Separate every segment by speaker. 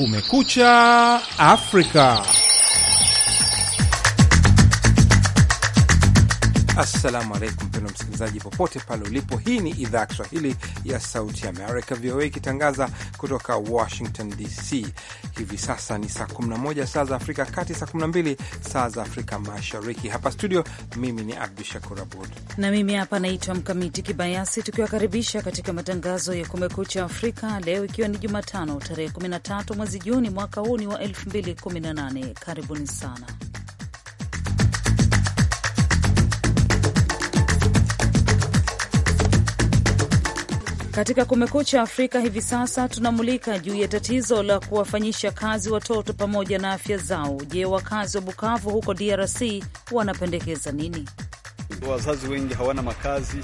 Speaker 1: Kumekucha Afrika. Assalamu alaikum, mpendwa msikilizaji, popote pale ulipo. Hii ni idhaa ya Kiswahili ya Sauti Amerika, VOA, ikitangaza kutoka Washington DC. Hivi sasa ni saa 11 saa za Afrika Kati, saa 12 saa za Afrika Mashariki. Hapa studio, mimi ni Abdu Shakur Abud
Speaker 2: na mimi hapa naitwa Mkamiti Kibayasi, tukiwakaribisha katika matangazo ya Kumekucha Afrika leo, ikiwa ni Jumatano tarehe 13 mwezi Juni mwaka huu ni wa 2018. Karibuni sana Katika Kumekucha Afrika hivi sasa tunamulika juu ya tatizo la kuwafanyisha kazi watoto pamoja na afya zao. Je, wakazi wa Bukavu huko DRC wanapendekeza nini?
Speaker 3: Wazazi wengi hawana makazi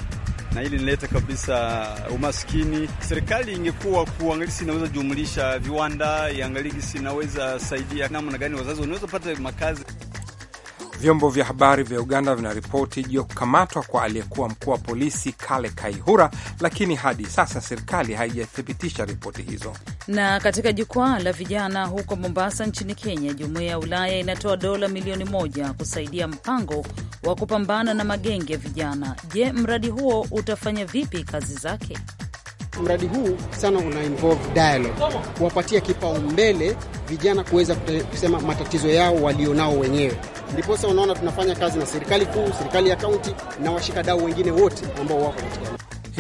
Speaker 3: na ili nileta kabisa umaskini. Serikali ingekuwa kuangalisi inaweza jumlisha viwanda, iangalie si inaweza saidia namna gani wazazi wanaweza pata makazi.
Speaker 1: Vyombo vya habari vya Uganda vinaripoti juu ya kukamatwa kwa aliyekuwa mkuu wa polisi Kale Kaihura, lakini hadi sasa serikali haijathibitisha ripoti hizo.
Speaker 2: Na katika jukwaa la vijana huko Mombasa nchini Kenya, jumuiya ya Ulaya inatoa dola milioni moja kusaidia mpango wa kupambana na magenge ya vijana. Je, mradi huo utafanya vipi kazi zake?
Speaker 3: Mradi huu sana una involve dialogue, kuwapatia kipaumbele vijana kuweza kusema matatizo yao walionao wenyewe Ndiposa unaona tunafanya kazi na serikali kuu, serikali ya kaunti na washikadau wengine wote
Speaker 1: ambao wako katika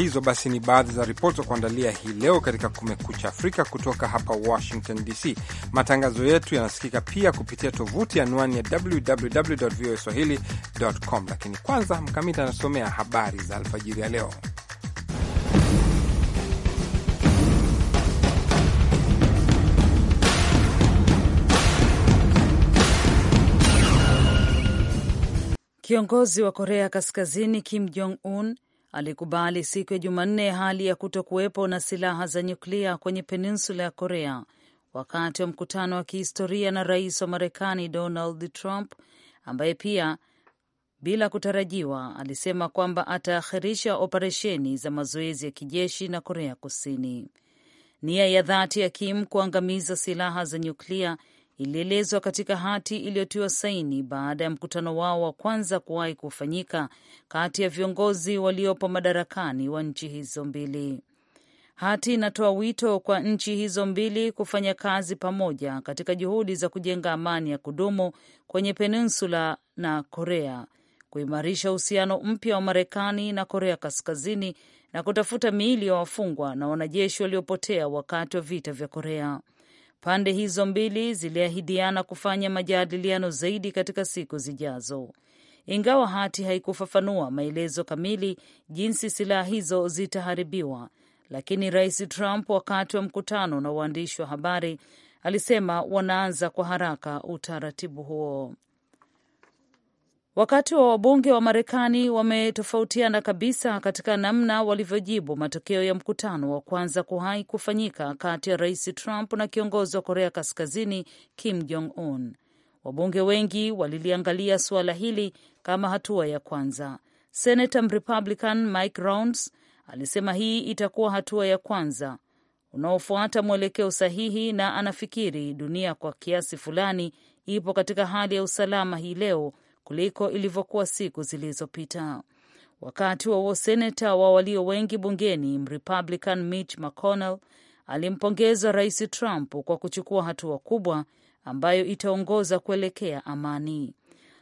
Speaker 1: hizo. Basi ni baadhi za ripoti za kuandalia hii leo katika Kumekucha Afrika kutoka hapa Washington DC. Matangazo yetu yanasikika pia kupitia tovuti anwani ya www voa swahili com, lakini kwanza Mkamiti anasomea habari za alfajiri ya leo.
Speaker 2: Kiongozi wa Korea Kaskazini Kim Jong Un alikubali siku ya Jumanne hali ya kuto kuwepo na silaha za nyuklia kwenye peninsula ya Korea wakati wa mkutano wa kihistoria na rais wa Marekani Donald Trump ambaye pia bila kutarajiwa alisema kwamba ataakhirisha operesheni za mazoezi ya kijeshi na Korea Kusini. Nia ya dhati ya Kim kuangamiza silaha za nyuklia ilielezwa katika hati iliyotiwa saini baada ya mkutano wao wa kwanza kuwahi kufanyika kati ya viongozi waliopo madarakani wa nchi hizo mbili. Hati inatoa wito kwa nchi hizo mbili kufanya kazi pamoja katika juhudi za kujenga amani ya kudumu kwenye peninsula na Korea, kuimarisha uhusiano mpya wa Marekani na Korea Kaskazini na kutafuta miili ya wafungwa na wanajeshi waliopotea wakati wa vita vya Korea. Pande hizo mbili ziliahidiana kufanya majadiliano zaidi katika siku zijazo, ingawa hati haikufafanua maelezo kamili jinsi silaha hizo zitaharibiwa. Lakini Rais Trump wakati wa mkutano na waandishi wa habari alisema wanaanza kwa haraka utaratibu huo. Wakati wa wabunge wa Marekani wametofautiana kabisa katika namna walivyojibu matokeo ya mkutano wa kwanza kuhai kufanyika kati ya Rais Trump na kiongozi wa Korea Kaskazini Kim Jong Un. Wabunge wengi waliliangalia suala hili kama hatua ya kwanza. Senata Mrepublican Mike Rounds alisema hii itakuwa hatua ya kwanza unaofuata mwelekeo sahihi, na anafikiri dunia kwa kiasi fulani ipo katika hali ya usalama hii leo kuliko ilivyokuwa siku zilizopita. Wakati wa huo seneta wa walio wengi bungeni Mrepublican Mitch McConnell alimpongeza Rais Trump kwa kuchukua hatua kubwa ambayo itaongoza kuelekea amani,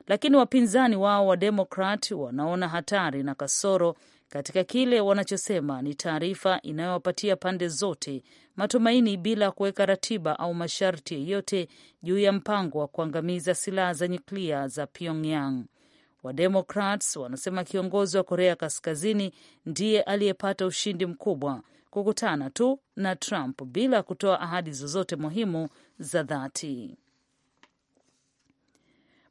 Speaker 2: lakini wapinzani wao wa Demokrat wanaona hatari na kasoro katika kile wanachosema ni taarifa inayowapatia pande zote matumaini bila kuweka ratiba au masharti yeyote juu ya mpango wa kuangamiza silaha za nyuklia za Pyongyang. Wademokrats wanasema kiongozi wa Korea Kaskazini ndiye aliyepata ushindi mkubwa kukutana tu na Trump bila kutoa ahadi zozote muhimu za dhati.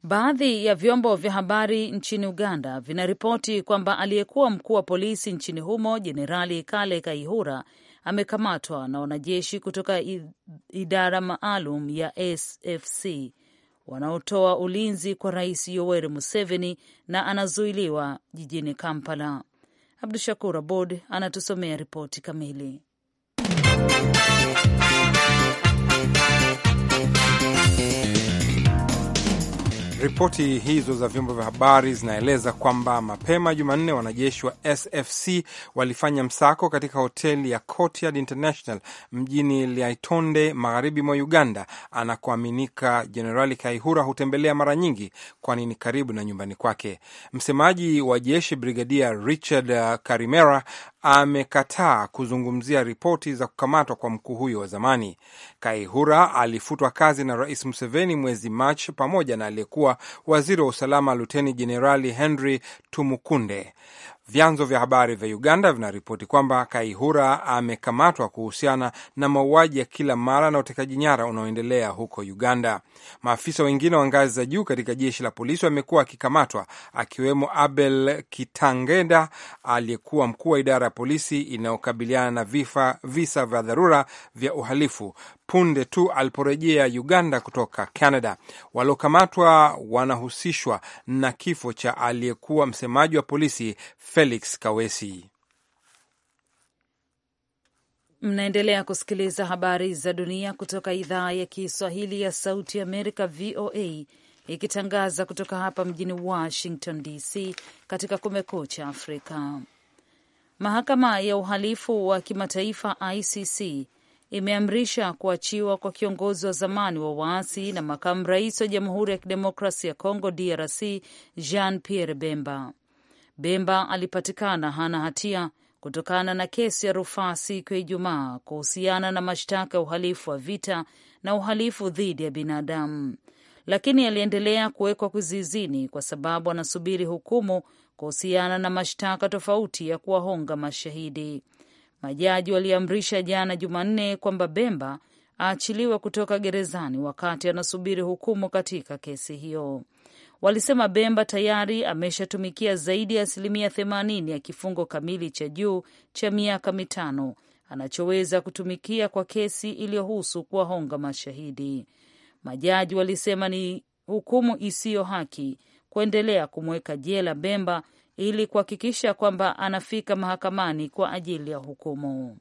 Speaker 2: Baadhi ya vyombo vya habari nchini Uganda vinaripoti kwamba aliyekuwa mkuu wa polisi nchini humo Jenerali Kale Kaihura amekamatwa na wanajeshi kutoka idara maalum ya SFC wanaotoa ulinzi kwa Rais Yoweri Museveni na anazuiliwa jijini Kampala. Abdu Shakur Abod anatusomea ripoti kamili.
Speaker 1: Ripoti hizo za vyombo vya habari zinaeleza kwamba mapema Jumanne wanajeshi wa SFC walifanya msako katika hoteli ya Courtyard International mjini Laitonde, magharibi mwa Uganda, anakoaminika Jenerali Kaihura hutembelea mara nyingi, kwani ni karibu na nyumbani kwake. Msemaji wa jeshi Brigadia Richard uh, Karimera amekataa kuzungumzia ripoti za kukamatwa kwa mkuu huyo wa zamani. Kaihura alifutwa kazi na Rais Museveni mwezi Machi pamoja na aliyekuwa waziri wa usalama Luteni Jenerali Henry Tumukunde. Vyanzo vya habari vya Uganda vinaripoti kwamba Kaihura amekamatwa kuhusiana na mauaji ya kila mara na utekaji nyara unaoendelea huko Uganda. Maafisa wengine wa ngazi za juu katika jeshi la polisi wamekuwa akikamatwa, akiwemo Abel Kitangenda aliyekuwa mkuu wa idara ya polisi inayokabiliana na vifa visa vya dharura vya uhalifu punde tu aliporejea Uganda kutoka Canada. Waliokamatwa wanahusishwa na kifo cha aliyekuwa msemaji wa polisi Felix Kawesi.
Speaker 2: Mnaendelea kusikiliza habari za dunia kutoka idhaa ya Kiswahili ya Sauti Amerika, VOA, ikitangaza kutoka hapa mjini Washington DC, katika Kumekucha Afrika. Mahakama ya Uhalifu wa Kimataifa, ICC, imeamrisha kuachiwa kwa kiongozi wa zamani wa waasi na makamu rais wa Jamhuri ya kidemokrasi ya Kongo DRC Jean Pierre Bemba. Bemba alipatikana hana hatia kutokana na kesi ya rufaa siku ya Ijumaa kuhusiana na mashtaka ya uhalifu wa vita na uhalifu dhidi ya binadamu, lakini aliendelea kuwekwa kizizini kwa sababu anasubiri hukumu kuhusiana na mashtaka tofauti ya kuwahonga mashahidi. Majaji waliamrisha jana Jumanne kwamba Bemba aachiliwe kutoka gerezani wakati anasubiri hukumu katika kesi hiyo. Walisema Bemba tayari ameshatumikia zaidi ya asilimia themanini ya kifungo kamili cha juu cha miaka mitano anachoweza kutumikia kwa kesi iliyohusu kuwahonga mashahidi. Majaji walisema ni hukumu isiyo haki kuendelea kumweka jela Bemba ili kuhakikisha kwamba anafika mahakamani kwa ajili ya hukumu.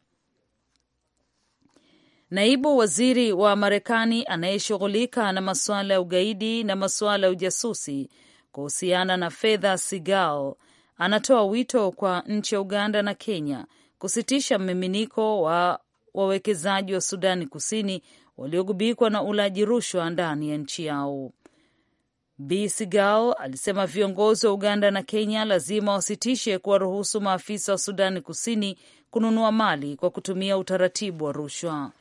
Speaker 2: Naibu waziri wa Marekani anayeshughulika na masuala ya ugaidi na masuala ya ujasusi kuhusiana na fedha, Sigal, anatoa wito kwa nchi ya Uganda na Kenya kusitisha mmiminiko wa wawekezaji wa Sudani Kusini waliogubikwa na ulaji rushwa ndani ya nchi yao. Bi alisema viongozi wa Uganda na Kenya lazima wasitishe kuwaruhusu maafisa wa Sudani Kusini kununua mali kwa kutumia utaratibu wa rushwa.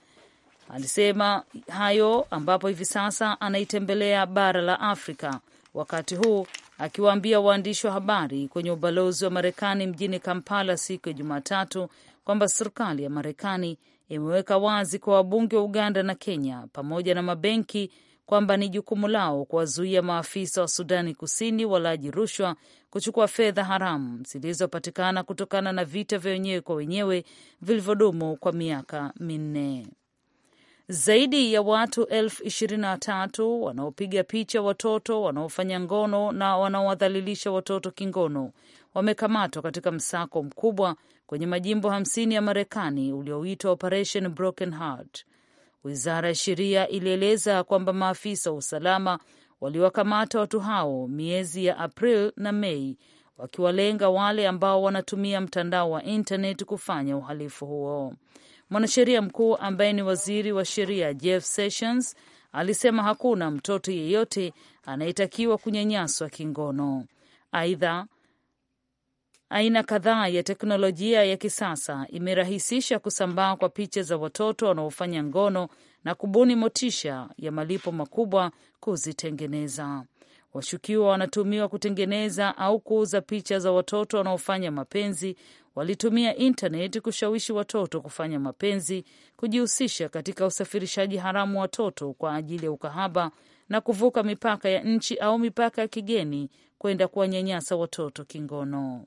Speaker 2: Alisema hayo ambapo hivi sasa anaitembelea bara la Afrika, wakati huu akiwaambia waandishi wa habari kwenye ubalozi wa Marekani mjini Kampala siku ya Jumatatu kwamba serikali ya Marekani imeweka wazi kwa wabunge wa Uganda na Kenya pamoja na mabenki kwamba ni jukumu lao kuwazuia maafisa wa Sudani Kusini walaji rushwa kuchukua fedha haramu zilizopatikana kutokana na vita vya wenyewe kwa wenyewe vilivyodumu kwa miaka minne. Zaidi ya watu elfu ishirini na tatu wanaopiga picha watoto wanaofanya ngono na wanaowadhalilisha watoto kingono wamekamatwa katika msako mkubwa kwenye majimbo hamsini ya Marekani ulioitwa Operation Broken Heart. Wizara ya sheria ilieleza kwamba maafisa wa usalama waliwakamata watu hao miezi ya april na Mei, wakiwalenga wale ambao wanatumia mtandao wa intnet kufanya uhalifu huo. Mwanasheria mkuu ambaye ni waziri wa sheria Jeff Sessions alisema hakuna mtoto yeyote anayetakiwa kunyanyaswa kingono. Aidha, Aina kadhaa ya teknolojia ya kisasa imerahisisha kusambaa kwa picha za watoto wanaofanya ngono na kubuni motisha ya malipo makubwa kuzitengeneza. Washukiwa wanatumiwa kutengeneza au kuuza picha za watoto wanaofanya mapenzi. Walitumia intaneti kushawishi watoto kufanya mapenzi, kujihusisha katika usafirishaji haramu watoto kwa ajili ya ukahaba na kuvuka mipaka ya nchi au mipaka ya kigeni kwenda kuwanyanyasa watoto kingono.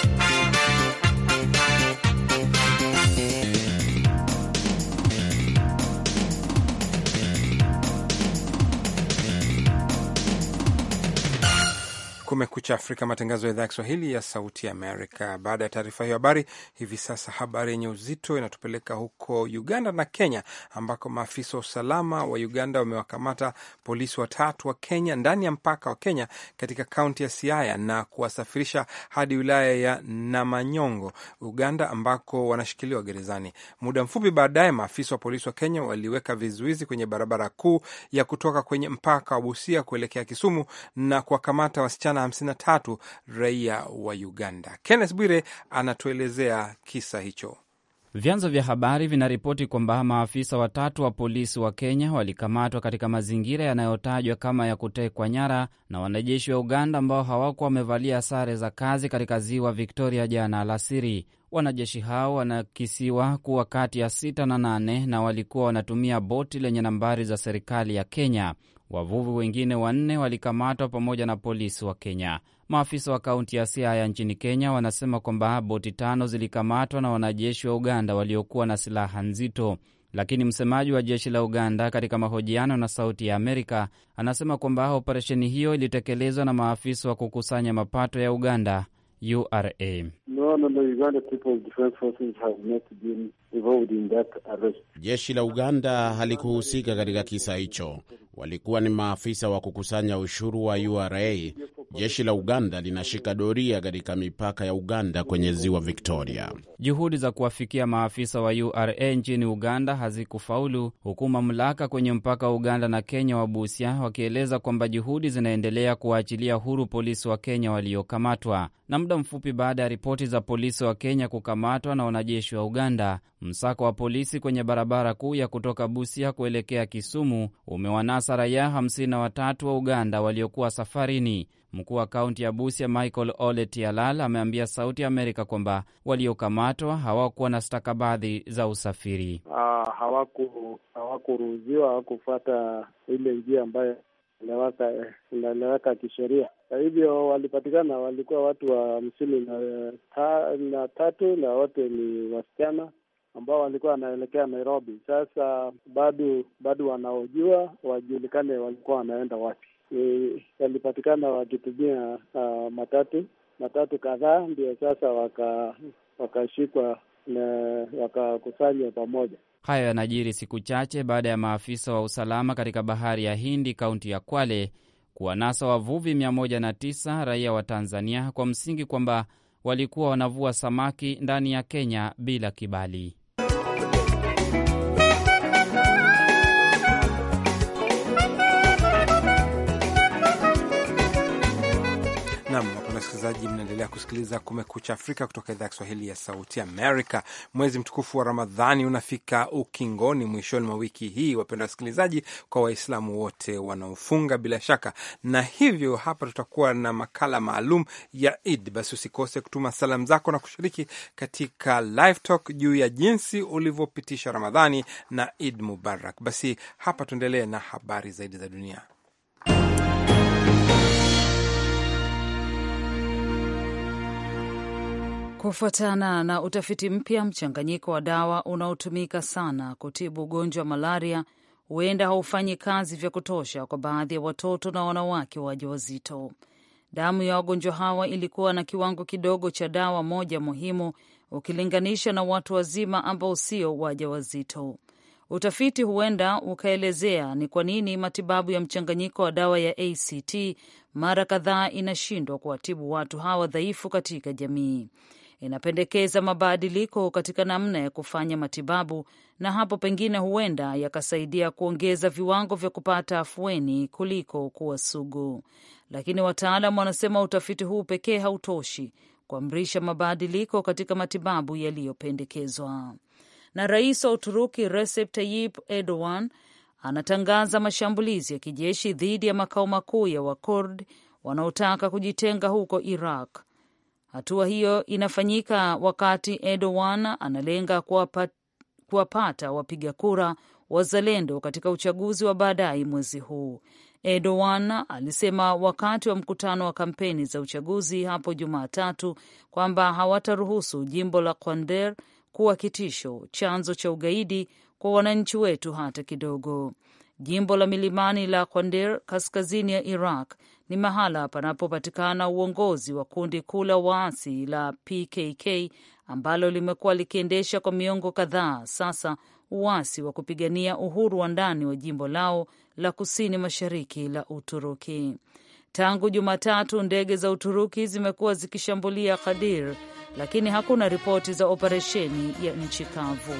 Speaker 1: Kumekucha Afrika, matangazo ya idhaa ya Kiswahili ya Sauti Amerika. Baada ya taarifa hiyo habari, hivi sasa habari yenye uzito inatupeleka huko Uganda na Kenya, ambako maafisa wa usalama wa Uganda wamewakamata polisi watatu wa Kenya ndani ya mpaka wa Kenya katika kaunti ya Siaya na kuwasafirisha hadi wilaya ya Namanyongo, Uganda, ambako wanashikiliwa gerezani. Muda mfupi baadaye, maafisa wa polisi wa Kenya waliweka vizuizi kwenye barabara kuu ya kutoka kwenye mpaka wa Busia kuelekea Kisumu na kuwakamata wasichana na 53 raia wa Uganda.
Speaker 4: Kenneth Bwire anatuelezea
Speaker 1: kisa hicho.
Speaker 4: Vyanzo vya habari vinaripoti kwamba maafisa watatu wa polisi wa Kenya walikamatwa katika mazingira yanayotajwa kama ya kutekwa nyara na wanajeshi wa Uganda ambao hawakuwa wamevalia sare za kazi katika ziwa Victoria jana alasiri. Wanajeshi hao wanakisiwa kuwa kati ya sita na nane na walikuwa wanatumia boti lenye nambari za serikali ya Kenya. Wavuvi wengine wanne walikamatwa pamoja na polisi wa Kenya. Maafisa wa kaunti ya Siaya nchini Kenya wanasema kwamba boti tano zilikamatwa na wanajeshi wa Uganda waliokuwa na silaha nzito, lakini msemaji wa jeshi la Uganda katika mahojiano na Sauti ya Amerika anasema kwamba operesheni hiyo ilitekelezwa na maafisa wa kukusanya mapato ya Uganda URA.
Speaker 5: No, no, no, Uganda People's Forces have not been involved in that arrest.
Speaker 6: Jeshi la Uganda halikuhusika katika kisa hicho walikuwa ni maafisa wa kukusanya ushuru wa URA Jeshi la Uganda linashika doria katika mipaka ya Uganda kwenye ziwa Victoria.
Speaker 4: Juhudi za kuwafikia maafisa wa URA nchini Uganda hazikufaulu, huku mamlaka kwenye mpaka wa Uganda na Kenya wa Busia wakieleza kwamba juhudi zinaendelea kuwaachilia huru polisi wa Kenya waliokamatwa. Na muda mfupi baada ya ripoti za polisi wa Kenya kukamatwa na wanajeshi wa Uganda, msako wa polisi kwenye barabara kuu ya kutoka Busia kuelekea Kisumu umewanasa raia 53 wa Uganda waliokuwa safarini. Mkuu wa kaunti ya Busia Michael Ole Tialal ameambia Sauti ya Amerika kwamba waliokamatwa hawakuwa na stakabadhi za usafiri. Ah,
Speaker 5: hawakuruhusiwa, hawakufuata ile njia ambayo inaeleweka kisheria. Kwa hivyo walipatikana, walikuwa watu wa hamsini na, ta, na tatu na wote ni wasichana ambao walikuwa wanaelekea Nairobi. Sasa bado bado wanaojua wajulikane walikuwa wanaenda wapi e, eh, walipatikana wakitumia uh, matatu matatu kadhaa, ndio sasa wakashikwa waka na wakakusanywa pamoja.
Speaker 4: Hayo yanajiri siku chache baada ya maafisa wa usalama katika bahari ya Hindi, kaunti ya Kwale, kuwanasa wavuvi 109 raia wa Tanzania kwa msingi kwamba walikuwa wanavua samaki ndani ya Kenya bila kibali.
Speaker 1: wasikilizaji, mnaendelea kusikiliza Kumekucha Afrika kutoka idhaa ya Kiswahili ya Sauti Amerika. Mwezi mtukufu wa Ramadhani unafika ukingoni mwishoni mwa wiki hii, wapenda wasikilizaji, kwa Waislamu wote wanaofunga bila shaka, na hivyo hapa tutakuwa na makala maalum ya Id. Basi usikose kutuma salamu zako na kushiriki katika live talk juu ya jinsi ulivyopitisha Ramadhani na Id Mubarak. Basi hapa tuendelee na habari zaidi za dunia.
Speaker 2: Kufuatana na utafiti mpya, mchanganyiko wa dawa unaotumika sana kutibu ugonjwa wa malaria huenda haufanyi kazi vya kutosha kwa baadhi ya watoto na wanawake wajawazito. Damu ya wagonjwa hawa ilikuwa na kiwango kidogo cha dawa moja muhimu ukilinganisha na watu wazima ambao sio wajawazito. Utafiti huenda ukaelezea ni kwa nini matibabu ya mchanganyiko wa dawa ya ACT mara kadhaa inashindwa kuwatibu watu hawa dhaifu katika jamii inapendekeza mabadiliko katika namna ya kufanya matibabu, na hapo pengine huenda yakasaidia kuongeza viwango vya kupata afueni kuliko kuwa sugu. Lakini wataalam wanasema utafiti huu pekee hautoshi kuamrisha mabadiliko katika matibabu yaliyopendekezwa. Na rais wa Uturuki Recep Tayyip Erdogan anatangaza mashambulizi ya kijeshi dhidi ya makao makuu ya Wakurd wanaotaka kujitenga huko Iraq, Hatua hiyo inafanyika wakati Erdogan analenga kuwapata wapiga kura wazalendo katika uchaguzi wa baadaye mwezi huu. Erdogan alisema wakati wa mkutano wa kampeni za uchaguzi hapo Jumatatu kwamba hawataruhusu jimbo la Kandahar kuwa kitisho, chanzo cha ugaidi kwa wananchi wetu hata kidogo. Jimbo la milimani la Kwandir kaskazini ya Iraq ni mahala panapopatikana uongozi wa kundi kuu la waasi la PKK ambalo limekuwa likiendesha kwa miongo kadhaa sasa uasi wa kupigania uhuru wa ndani wa jimbo lao la kusini mashariki la Uturuki. Tangu Jumatatu, ndege za Uturuki zimekuwa zikishambulia Kadir, lakini hakuna ripoti za operesheni ya nchi kavu.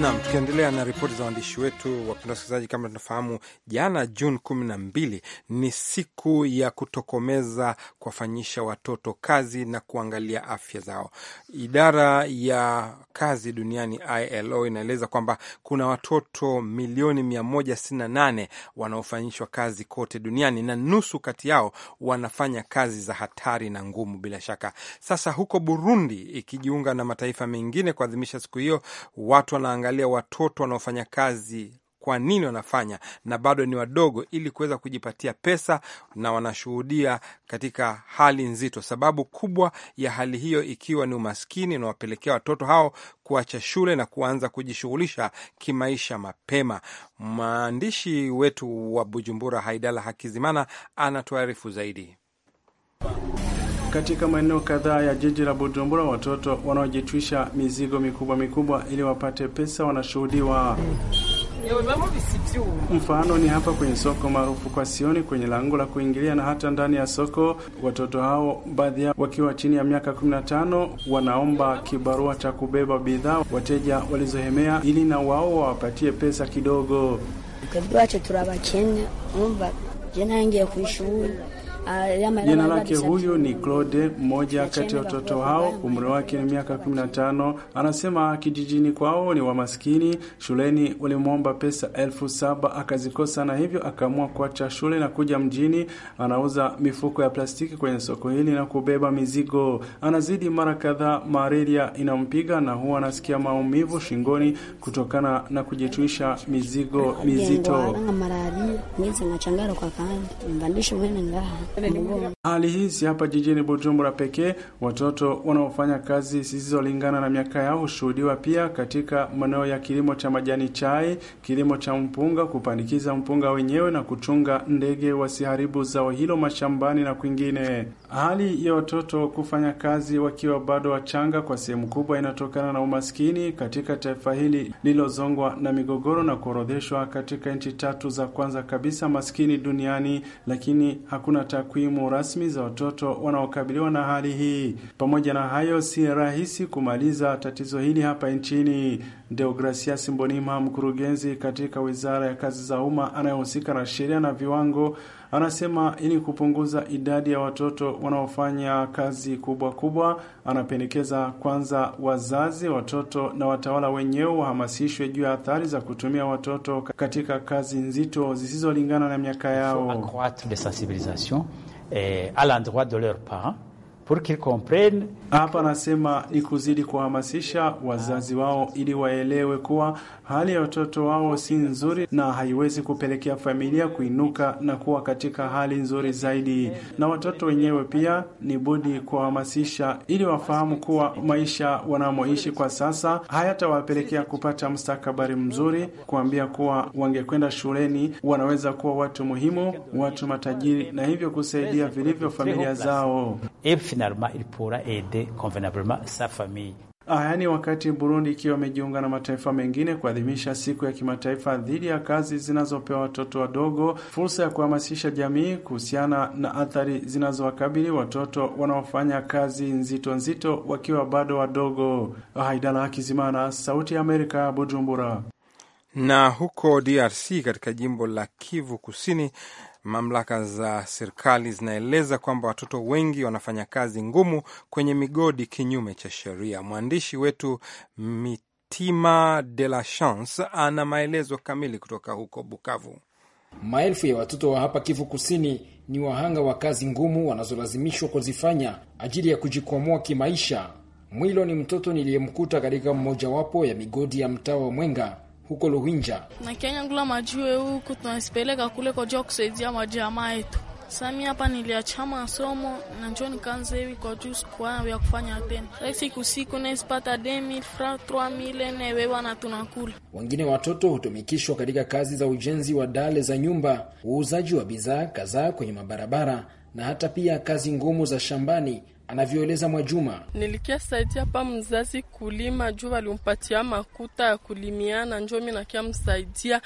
Speaker 7: Nam,
Speaker 1: tukiendelea na ripoti za waandishi wetu, wapenda wasikilizaji, kama tunafahamu, jana Juni kumi na mbili ni siku ya kutokomeza kuwafanyisha watoto kazi na kuangalia afya zao. Idara ya kazi duniani ILO inaeleza kwamba kuna watoto milioni mia moja sitini na nane wanaofanyishwa kazi kote duniani na nusu kati yao wanafanya kazi za hatari na ngumu. Bila shaka, sasa huko Burundi ikijiunga na mataifa mengine kuadhimisha siku hiyo, watu wanaangalia kuangalia watoto wanaofanya kazi kwa nini wanafanya na bado ni wadogo, ili kuweza kujipatia pesa, na wanashuhudia katika hali nzito. Sababu kubwa ya hali hiyo ikiwa ni umaskini unawapelekea watoto hao kuacha shule na kuanza kujishughulisha kimaisha mapema. Mwandishi wetu wa Bujumbura, Haidala Hakizimana, anatuarifu zaidi.
Speaker 7: Katika maeneo kadhaa ya jiji la Bujumbura, watoto wanaojitwisha mizigo mikubwa mikubwa ili wapate pesa wanashuhudiwa. Mfano ni hapa kwenye soko maarufu kwa Sioni, kwenye lango la kuingilia na hata ndani ya soko. Watoto hao, baadhi yao wakiwa chini ya miaka 15, wanaomba kibarua cha kubeba bidhaa wateja walizohemea, ili na wao wawapatie pesa kidogo.
Speaker 5: Ah, Jina lake huyu
Speaker 7: ni Claude, mmoja kati ya watoto hao. Umri wake ni miaka 15. Anasema kijijini kwao ni wamaskini. Shuleni walimwomba pesa elfu saba akazikosa, na hivyo akaamua kuacha shule na kuja mjini. Anauza mifuko ya plastiki kwenye soko hili na kubeba mizigo. Anazidi mara kadhaa, malaria inampiga na huwa anasikia maumivu shingoni kutokana na kujituisha mizigo mizito. Hali hii si hapa jijini Bujumbura pekee. Watoto wanaofanya kazi zisizolingana na miaka yao hushuhudiwa pia katika maeneo ya kilimo cha majani chai, kilimo cha mpunga, kupandikiza mpunga wenyewe na kuchunga ndege wasiharibu zao hilo mashambani na kwingine. Hali ya watoto kufanya kazi wakiwa bado wachanga kwa sehemu kubwa inatokana na umaskini katika taifa hili lilozongwa na migogoro na kuorodheshwa katika nchi tatu za kwanza kabisa maskini duniani, lakini hakuna ta takwimu rasmi za watoto wanaokabiliwa na hali hii. Pamoja na hayo, si rahisi kumaliza tatizo hili hapa nchini. Deogracias Mbonimha, mkurugenzi katika wizara ya kazi za umma anayohusika na sheria na viwango Anasema ili kupunguza idadi ya watoto wanaofanya kazi kubwa kubwa, anapendekeza kwanza wazazi, watoto na watawala wenyewe wahamasishwe juu ya athari za kutumia watoto katika kazi nzito zisizolingana na miaka yao.
Speaker 4: eh, à l'endroit de leurs parents
Speaker 7: pour qu'ils comprennent hapa anasema ni kuzidi kuhamasisha wazazi wao ili waelewe kuwa hali ya watoto wao si nzuri na haiwezi kupelekea familia kuinuka na kuwa katika hali nzuri zaidi. Na watoto wenyewe pia ni budi kuwahamasisha ili wafahamu kuwa maisha wanamoishi kwa sasa hayatawapelekea kupata mustakabali mzuri, kuambia kuwa wangekwenda shuleni wanaweza kuwa watu muhimu, watu matajiri, na hivyo kusaidia vilivyo familia
Speaker 6: zao garder convenablement sa famille.
Speaker 7: Haya ah, ni wakati Burundi ikiwa imejiunga na mataifa mengine kuadhimisha siku ya kimataifa dhidi ya kazi zinazopewa watoto wadogo, fursa ya kuhamasisha jamii kuhusiana na athari zinazowakabili watoto wanaofanya kazi nzito nzito wakiwa bado wadogo. Haidala ah, Hakizimana, Sauti ya Amerika, Bujumbura.
Speaker 1: Na huko DRC katika jimbo la Kivu Kusini, Mamlaka za serikali zinaeleza kwamba watoto wengi wanafanya kazi ngumu kwenye migodi kinyume cha sheria. Mwandishi wetu Mitima de la Chance ana maelezo kamili kutoka huko Bukavu.
Speaker 5: Maelfu ya watoto wa hapa Kivu Kusini ni wahanga wa kazi ngumu wanazolazimishwa kuzifanya ajili ya kujikwamua kimaisha. Mwilo ni mtoto niliyemkuta katika mmojawapo ya migodi ya mtaa wa Mwenga huko Luhinja
Speaker 2: na Kenya ngula majue huku tunasipeleka kule kwa juu kusaidia majamaa yetu. Sami hapa niliachama masomo na njoo nikaanza hivi kwa juu sikuwa ya kufanya tena. Sasa siku siku nesipata 2000 francs 3000 na wewe na tunakula.
Speaker 5: Wengine watoto hutumikishwa katika kazi za ujenzi wa dale za nyumba, uuzaji wa bidhaa kadhaa kwenye mabarabara na hata pia kazi ngumu za shambani anavyoeleza Mwajuma.
Speaker 3: Nilikiasaidia pa mzazi kulima juu walimpatia makuta ya kulimiana, njo mi nakia msaidia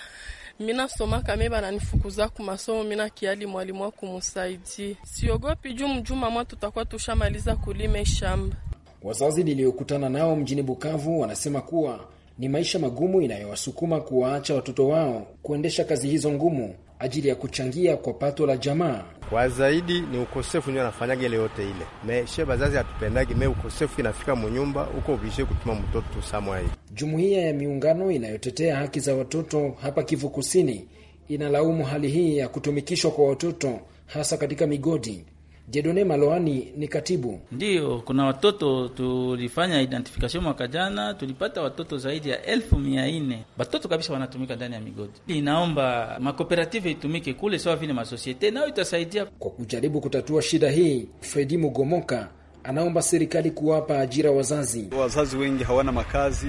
Speaker 3: minasoma kame bananifukuza ku masomo, mina kiali mwalimu wa kumusaidia. Siogopi juu mjuma mwa tutakuwa tushamaliza kulima shamba.
Speaker 5: Wazazi niliyokutana nao mjini Bukavu wanasema kuwa ni maisha magumu inayowasukuma kuwaacha watoto wao kuendesha kazi hizo ngumu ajili ya kuchangia kwa pato la jamaa.
Speaker 3: Kwa zaidi ni ukosefu ndio anafanyaga ile yote ile. Me she bazazi hatupendagi me ukosefu inafika munyumba huko ubishe kutuma mtoto samwa hii.
Speaker 5: Jumuiya ya miungano inayotetea haki za watoto hapa Kivu Kusini inalaumu hali hii ya kutumikishwa kwa watoto hasa katika migodi Jedone Maloani ni katibu.
Speaker 4: Ndiyo, kuna watoto tulifanya identification mwaka jana, tulipata watoto zaidi ya elfu mia nne watoto kabisa wanatumika ndani ya migodi. Inaomba makooperative itumike kule sawa vile masosiete, nayo itasaidia kwa
Speaker 5: kujaribu kutatua shida hii. Fredi Mugomoka anaomba serikali kuwapa ajira wazazi. Wazazi wengi hawana makazi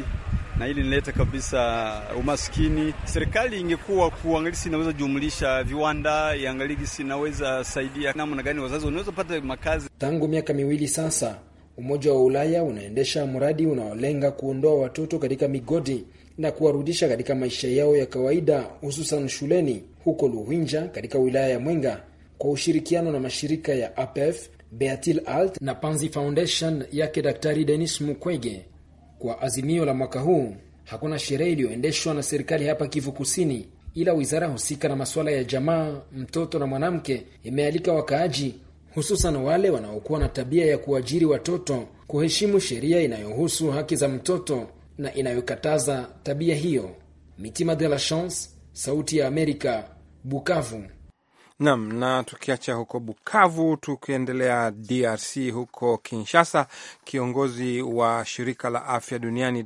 Speaker 3: na hili nileta kabisa umaskini. Serikali ingekuwa kuangalia si inaweza jumlisha viwanda, iangalie si inaweza saidia namna gani wazazi wanaweza pata makazi.
Speaker 5: Tangu miaka miwili sasa, Umoja wa Ulaya unaendesha mradi unaolenga kuondoa watoto katika migodi na kuwarudisha katika maisha yao ya kawaida, hususan shuleni huko Luhinja katika wilaya ya Mwenga kwa ushirikiano na mashirika ya APF, Beatil Alt na Panzi Foundation yake Daktari Denis Mukwege. Kwa azimio la mwaka huu hakuna sherehe iliyoendeshwa na serikali hapa Kivu Kusini, ila wizara husika na masuala ya jamaa, mtoto na mwanamke imealika wakaaji, hususan wale wanaokuwa na tabia ya kuajiri watoto kuheshimu sheria inayohusu haki za mtoto na inayokataza tabia hiyo. Mitima de la Chance, Sauti ya Amerika, Bukavu.
Speaker 1: Nam na tukiacha huko Bukavu, tukiendelea DRC huko Kinshasa, kiongozi wa shirika la afya duniani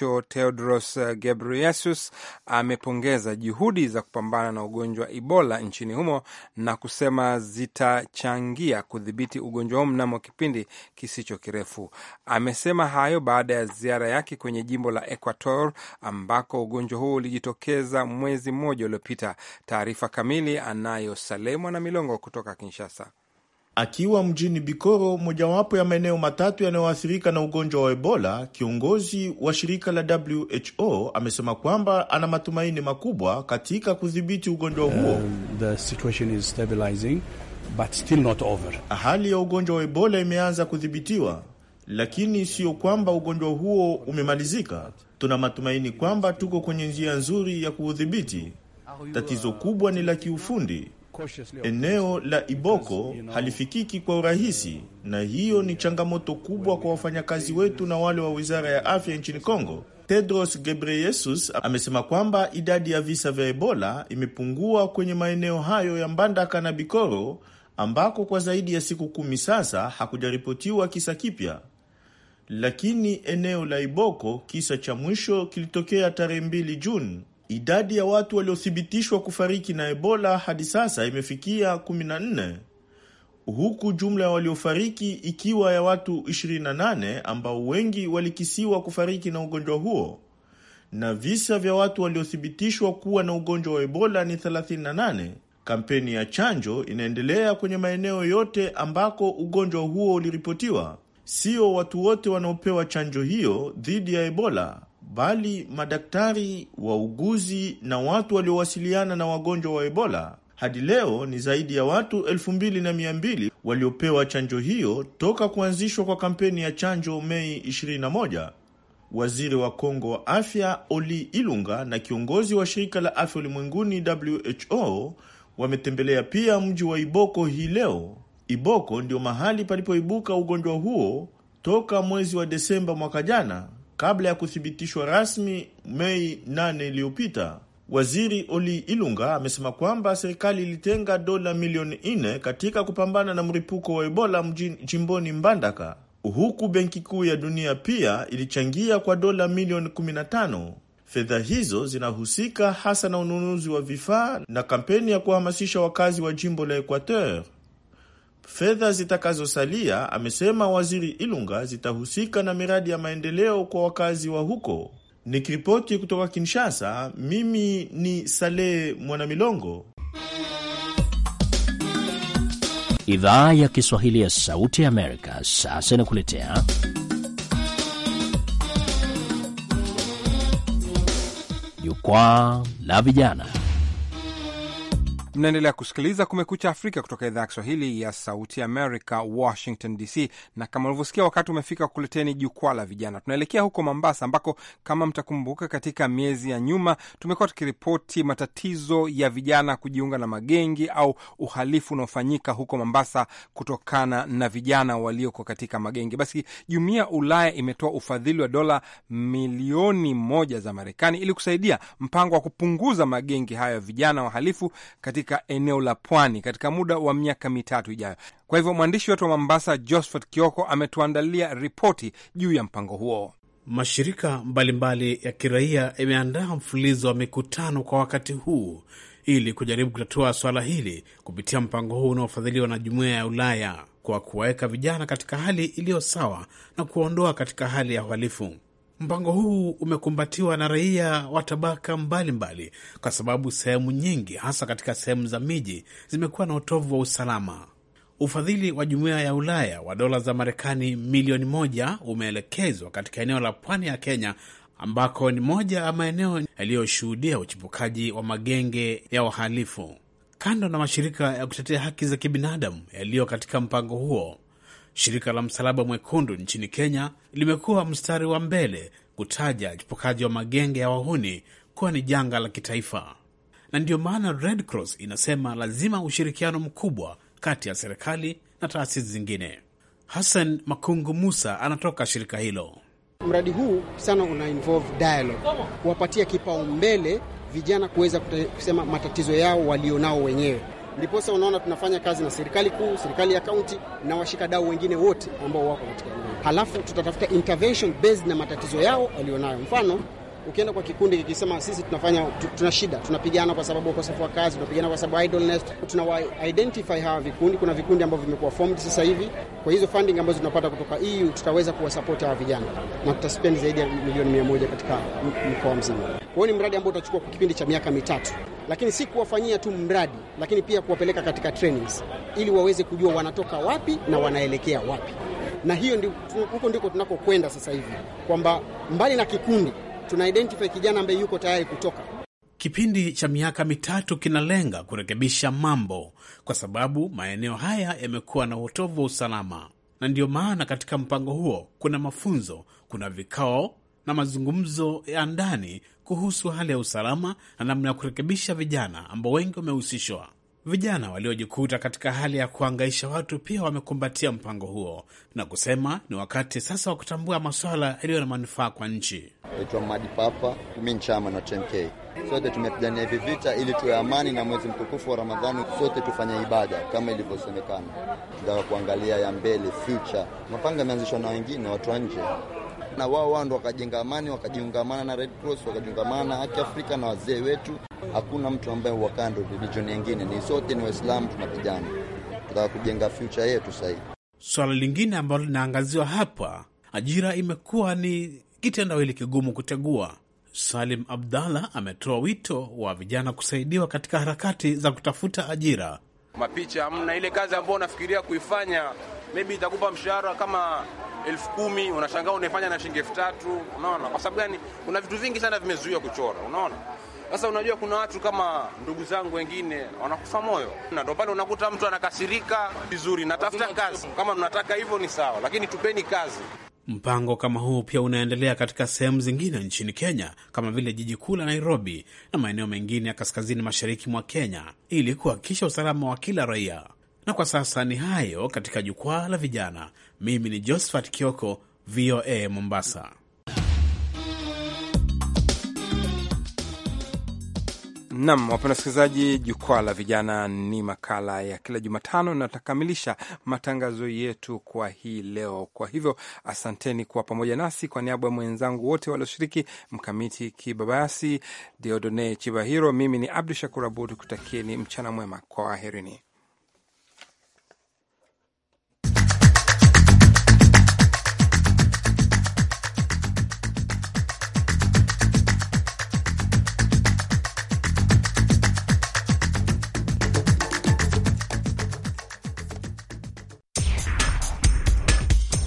Speaker 1: WHO Tedros Ghebreyesus amepongeza juhudi za kupambana na ugonjwa Ebola nchini humo na kusema zitachangia kudhibiti ugonjwa huo mnamo kipindi kisicho kirefu. Amesema hayo baada ya ziara yake kwenye jimbo la Equator ambako ugonjwa huo ulijitokeza mwezi mmoja uliopita. Taarifa kamili anayo Saleh Milongo kutoka Kinshasa.
Speaker 8: Akiwa mjini Bikoro, mojawapo ya maeneo matatu yanayoathirika na ugonjwa wa Ebola, kiongozi wa shirika la WHO amesema kwamba ana matumaini makubwa katika kudhibiti ugonjwa um, huo. Um, the Hali ya ugonjwa wa Ebola imeanza kudhibitiwa, lakini siyo kwamba ugonjwa huo umemalizika. Tuna matumaini kwamba tuko kwenye njia nzuri ya kuudhibiti. Tatizo kubwa ni la kiufundi Eneo la Iboko halifikiki kwa urahisi, na hiyo ni changamoto kubwa kwa wafanyakazi wetu na wale wa wizara ya afya nchini Kongo. Tedros Gebreyesus amesema kwamba idadi ya visa vya Ebola imepungua kwenye maeneo hayo ya Mbandaka na Bikoro ambako kwa zaidi ya siku kumi sasa hakujaripotiwa kisa kipya. Lakini eneo la Iboko kisa cha mwisho kilitokea tarehe 2 Juni. Idadi ya watu waliothibitishwa kufariki na Ebola hadi sasa imefikia 14 huku jumla ya waliofariki ikiwa ya watu 28 ambao wengi walikisiwa kufariki na ugonjwa huo, na visa vya watu waliothibitishwa kuwa na ugonjwa wa Ebola ni 38. Kampeni ya chanjo inaendelea kwenye maeneo yote ambako ugonjwa huo uliripotiwa. Sio watu wote wanaopewa chanjo hiyo dhidi ya Ebola bali madaktari, wauguzi na watu waliowasiliana na wagonjwa wa Ebola. Hadi leo ni zaidi ya watu elfu mbili na mia mbili waliopewa chanjo hiyo toka kuanzishwa kwa kampeni ya chanjo Mei 21. Waziri wa Kongo wa afya Oli Ilunga na kiongozi wa shirika la afya ulimwenguni WHO wametembelea pia mji wa Iboko hii leo. Iboko ndio mahali palipoibuka ugonjwa huo toka mwezi wa Desemba mwaka jana kabla ya kuthibitishwa rasmi Mei 8 iliyopita. Waziri Oli Ilunga amesema kwamba serikali ilitenga dola milioni 4 katika kupambana na mlipuko wa Ebola mjini jimboni Mbandaka, huku Benki Kuu ya Dunia pia ilichangia kwa dola milioni 15. Fedha hizo zinahusika hasa na ununuzi wa vifaa na kampeni ya kuhamasisha wakazi wa jimbo la Equateur Fedha zitakazosalia, amesema Waziri Ilunga, zitahusika na miradi ya maendeleo kwa wakazi wa huko. Nikiripoti kutoka Kinshasa, mimi ni Saleh Mwanamilongo.
Speaker 5: Idhaa ya Kiswahili ya Sauti Amerika sasa inakuletea Jukwaa la Vijana. Mnaendelea
Speaker 1: kusikiliza Kumekucha Afrika kutoka idhaa ya Kiswahili ya Sauti Amerika, Washington DC. Na kama ulivyosikia, wakati umefika kuleteni jukwaa la vijana. Tunaelekea huko Mombasa, ambako kama mtakumbuka, katika miezi ya nyuma tumekuwa tukiripoti matatizo ya vijana kujiunga na magengi au uhalifu unaofanyika huko Mombasa kutokana na vijana walioko katika magengi. Basi Jumuiya Ulaya imetoa ufadhili wa dola milioni moja za Marekani ili kusaidia mpango wa kupunguza magengi hayo ya vijana wahalifu katika katika eneo la pwani katika muda wa miaka mitatu ijayo. Kwa hivyo mwandishi wetu wa Mombasa, Josephat Kioko, ametuandalia ripoti juu ya mpango huo. Mashirika mbalimbali mbali ya kiraia
Speaker 6: yameandaa mfululizo wa mikutano kwa wakati huu ili kujaribu kutatua swala hili kupitia mpango huu unaofadhiliwa na Jumuiya ya Ulaya kwa kuwaweka vijana katika hali iliyo sawa na kuwaondoa katika hali ya uhalifu. Mpango huu umekumbatiwa na raia wa tabaka mbalimbali, kwa sababu sehemu nyingi, hasa katika sehemu za miji, zimekuwa na utovu wa usalama. Ufadhili wa jumuiya ya Ulaya wa dola za Marekani milioni moja umeelekezwa katika eneo la pwani ya Kenya ambako ni moja ya maeneo yaliyoshuhudia uchipukaji wa magenge ya wahalifu. Kando na mashirika ya kutetea haki za kibinadamu yaliyo katika mpango huo, Shirika la Msalaba Mwekundu nchini Kenya limekuwa mstari wa mbele kutaja chipukaji wa magenge ya wahuni kuwa ni janga la kitaifa, na ndiyo maana Red Cross inasema lazima ushirikiano mkubwa kati ya serikali na taasisi zingine. Hassan Makungu Musa anatoka shirika hilo.
Speaker 3: Mradi huu sana una involve dialogue, kuwapatia kipaumbele vijana kuweza kusema matatizo yao walionao wenyewe Ndiposa unaona tunafanya kazi na serikali kuu, serikali ya kaunti na washikadau wengine wote ambao wako katika eneo. Halafu tutatafuta intervention based na matatizo yao walionayo. Mfano, ukienda kwa kikundi kikisema sisi tunafanya tuna shida, tunapigana kwa sababu ukosefu wa kazi, tunapigana kwa sababu idleness, tuna identify hawa vikundi. Kuna vikundi ambavyo vimekuwa formed sasa hivi. Kwa hizo funding ambazo tunapata kutoka EU tutaweza kuwasupport hawa vijana na tutaspend zaidi ya milioni 100 katika mkoa mzima. Kwa hiyo ni mradi ambao utachukua kwa kipindi cha miaka mitatu lakini si kuwafanyia tu mradi, lakini pia kuwapeleka katika trainings ili waweze kujua wanatoka wapi na wanaelekea wapi. Na hiyo ndi, huko ndiko tunakokwenda sasa hivi kwamba mbali na kikundi tuna identify
Speaker 6: kijana ambaye yuko tayari kutoka. Kipindi cha miaka mitatu kinalenga kurekebisha mambo, kwa sababu maeneo haya yamekuwa na utovu wa usalama, na ndiyo maana katika mpango huo kuna mafunzo, kuna vikao na mazungumzo ya ndani kuhusu hali ya usalama na namna ya kurekebisha vijana ambao wengi wamehusishwa. Vijana waliojikuta katika hali ya kuangaisha watu pia wamekumbatia mpango huo na kusema ni wakati sasa wa kutambua masuala yaliyo na manufaa kwa nchi.
Speaker 3: Naitwa Madi Papa, mi nchama na TMK. Sote tumepigania hivi vita ili tuwe amani, na mwezi mtukufu wa Ramadhani sote tufanye ibada kama ilivyosemekana. Taka kuangalia ya mbele future. Mapanga yameanzishwa na wengine, watu wa nje, na wao wao ndo amani wakajiungamana na Red Cross, wakajiungamana na Haki Afrika na wazee wetu. Hakuna mtu ambaye wakando religion nyingine, ni sote ni Waislamu, tunapigana tunataka kujenga future yetu sahihi.
Speaker 6: Swala lingine ambalo linaangaziwa hapa, ajira imekuwa ni kitendawili kigumu kutegua. Salim Abdallah ametoa wito wa vijana kusaidiwa katika harakati za kutafuta ajira
Speaker 1: mapicha hamna. Ile kazi ambayo unafikiria kuifanya maybe itakupa mshahara kama elfu kumi unashangaa unaifanya na shilingi elfu tatu unaona. Kwa sababu gani? Kuna vitu vingi sana vimezuia kuchora, unaona. Sasa unajua kuna watu kama ndugu zangu wengine wanakufa moyo, na ndio pale unakuta mtu anakasirika. Vizuri, natafuta kazi. Kama mnataka hivyo ni sawa, lakini tupeni kazi.
Speaker 6: Mpango kama huu pia unaendelea katika sehemu zingine nchini Kenya kama vile jiji kuu la Nairobi na maeneo mengine ya kaskazini mashariki mwa Kenya ili kuhakikisha usalama wa kila raia. Na kwa sasa ni hayo katika jukwaa la vijana. Mimi ni Josephat Kioko, VOA Mombasa.
Speaker 1: Nam, wapenda wasikilizaji, jukwaa la vijana ni makala ya kila Jumatano na tutakamilisha matangazo yetu kwa hii leo. Kwa hivyo asanteni kuwa pamoja nasi. Kwa niaba ya mwenzangu wote walioshiriki, Mkamiti kibabasi Deodone Chibahiro, mimi ni Abdu Shakur Abud, kutakieni mchana mwema, kwa aherini